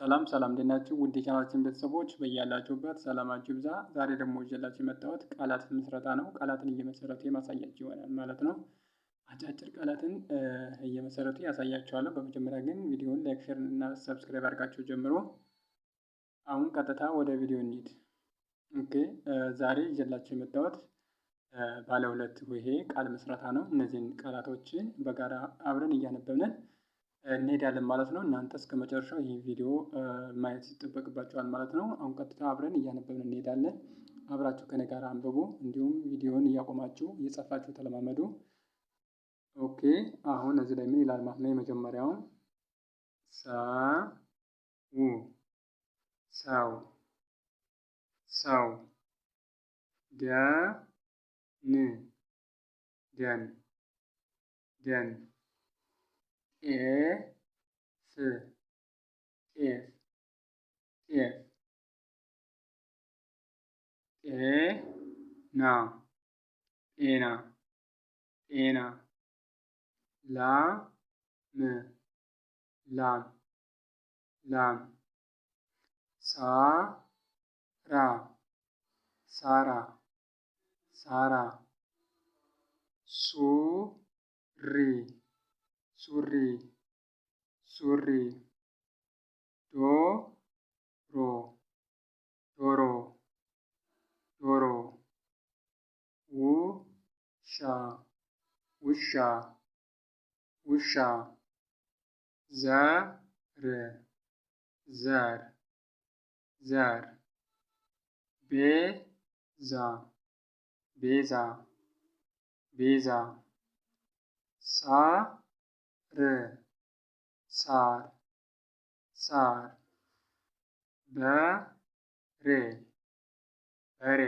ሰላም ሰላም እንዴት ናችሁ? ውድ የቻናላችን ቤተሰቦች በያላችሁበት ሰላማችሁ ይብዛ። ዛሬ ደግሞ ይዤላችሁ የመጣሁት ቃላት ምስረታ ነው። ቃላትን እየመሰረቱ የማሳያችሁ ይሆናል ማለት ነው። አጫጭር ቃላትን እየመሰረቱ ያሳያችኋለሁ። በመጀመሪያ ግን ቪዲዮውን ላይክ፣ ሼር እና ሰብስክራይብ አድርጋችሁ ጀምሮ አሁን ቀጥታ ወደ ቪዲዮ እንሂድ። ኦኬ ዛሬ ይዤላችሁ የመጣሁት ባለ ሁለት ሆሄ ቃል ምስረታ ነው። እነዚህን ቃላቶችን በጋራ አብረን እያነበብነን እንሄዳለን ማለት ነው። እናንተ እስከ መጨረሻው ይህ ቪዲዮ ማየት ይጠበቅባቸዋል ማለት ነው። አሁን ቀጥታ አብረን እያነበብን እንሄዳለን። አብራችሁ ከኔ ጋር አንብቡ፣ እንዲሁም ቪዲዮውን እያቆማችሁ እየጻፋችሁ ተለማመዱ። ኦኬ አሁን እዚህ ላይ ምን ይላል ማለት ነው? የመጀመሪያውን ሰው ሰው ሰው ደን ደን ደን ቄስ ቄስ ቄስ ጤና ጤና ጤና ላም ላም ላም ሳራ ሳራ ሳራ ሱሪ ሱሪ ሱሪ ዶሮ ዶሮ ዶሮ ውሻ ውሻ ውሻ ዘር ዘር ዘር ቤዛ ቤዛ ቤዛ ሳ ር ሳር ሳር በሬ በሬ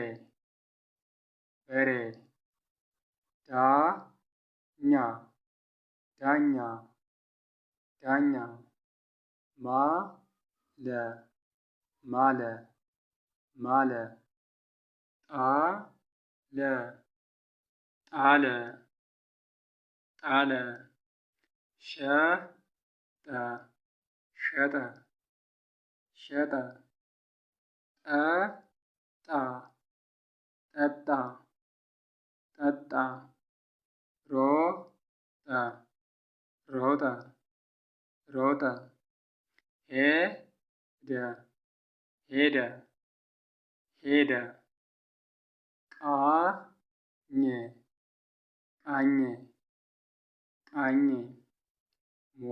በሬ ዳኛ ዳኛ ዳኛ ማለ ማለ ማለ ጣለ ጣለ ጣለ ሸጠ ሸጠ ሸጠ ጠጣ ጠጣ ጠጣ ሮጠ ሮጠ ሮጠ ሄደ ሄደ ሄደ ቃኘ ቃኘ ቃኘ ሞ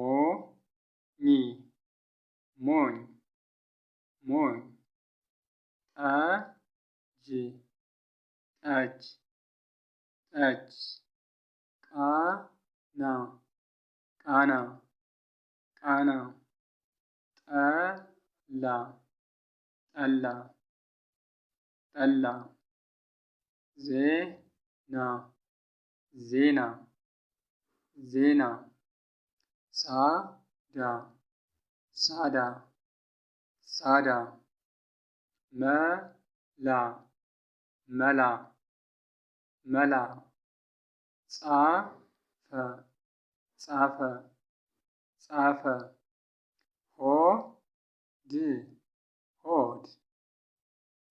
ኝ ሞኝ ሞኝ ጠጅ ጠጅ ጠጅ ቃና ቃና ቃና ጠላ ጠላ ጠላ ዜና ዜና ዜና ሳዳ ሳዳ ሳዳ መላ መላ መላ ጻፈ ጻፈ ጻፈ ሆድ ሆድ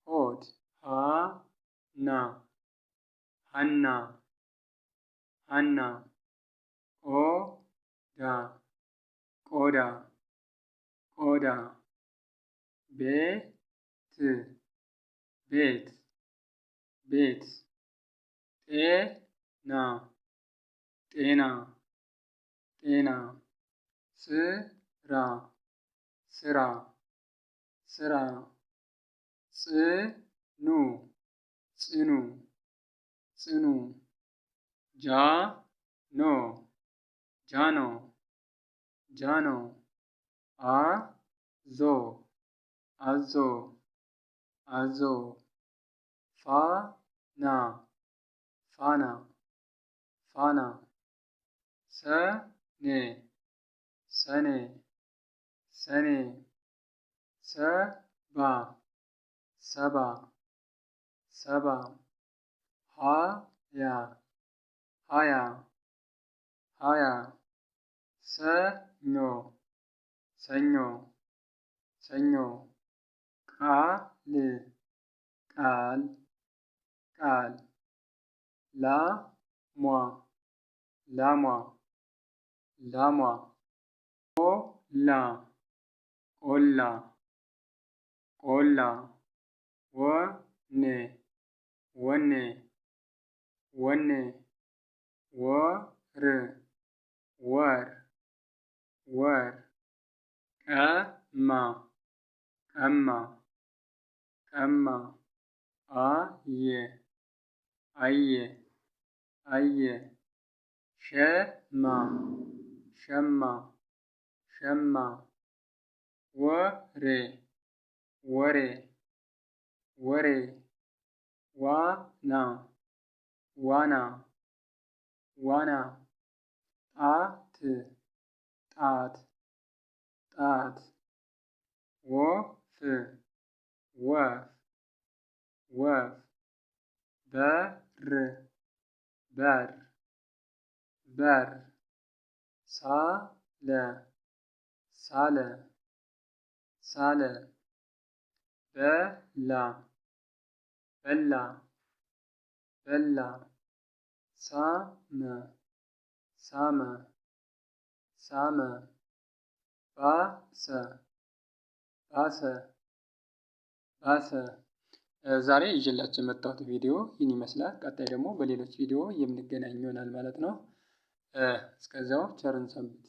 ሆድ ሃና ሃና ሃና ኦ ዳ ቆዳ ቆዳ ቤት ቤት ቤት ጤና ጤና ጤና ስራ ስራ ስራ ጽኑ ጽኑ ጽኑ ጃኖ ጃኖ ጃኖ አዞ አዞ አዞ ፋና ፋና ፋና ሰኔ ሰኔ ሰኔ ሰባ ሰባ ሰባ ሀያ ሀያ ሀያ ሰ ኞ ሰኞ ሰኞ ቃል ቃል ቃል ላሟ ላሟ ላሟ ቆላ ቆላ ቆላ ወኔ ወኔ ወኔ ወር ወር ወር ቀማ ቀማ ቀማ አየ አየ አየ ሸማ ሸማ ሸማ ወሬ ወሬ ወሬ ዋና ዋና ዋና ጣት ጣት ጣት ወፍ ወፍ ወፍ በር በር በር ሳለ ሳለ ሳለ በላ በላ በላ ሳመ ሳመ ሳመ ባሰ ባሰ ባሰ። ዛሬ ይዤላችሁ የመጣሁት ቪዲዮ ይህን ይመስላል። ቀጣይ ደግሞ በሌሎች ቪዲዮ የምንገናኝ ይሆናል ማለት ነው። እስከዚያው ቸርን ሰንብት።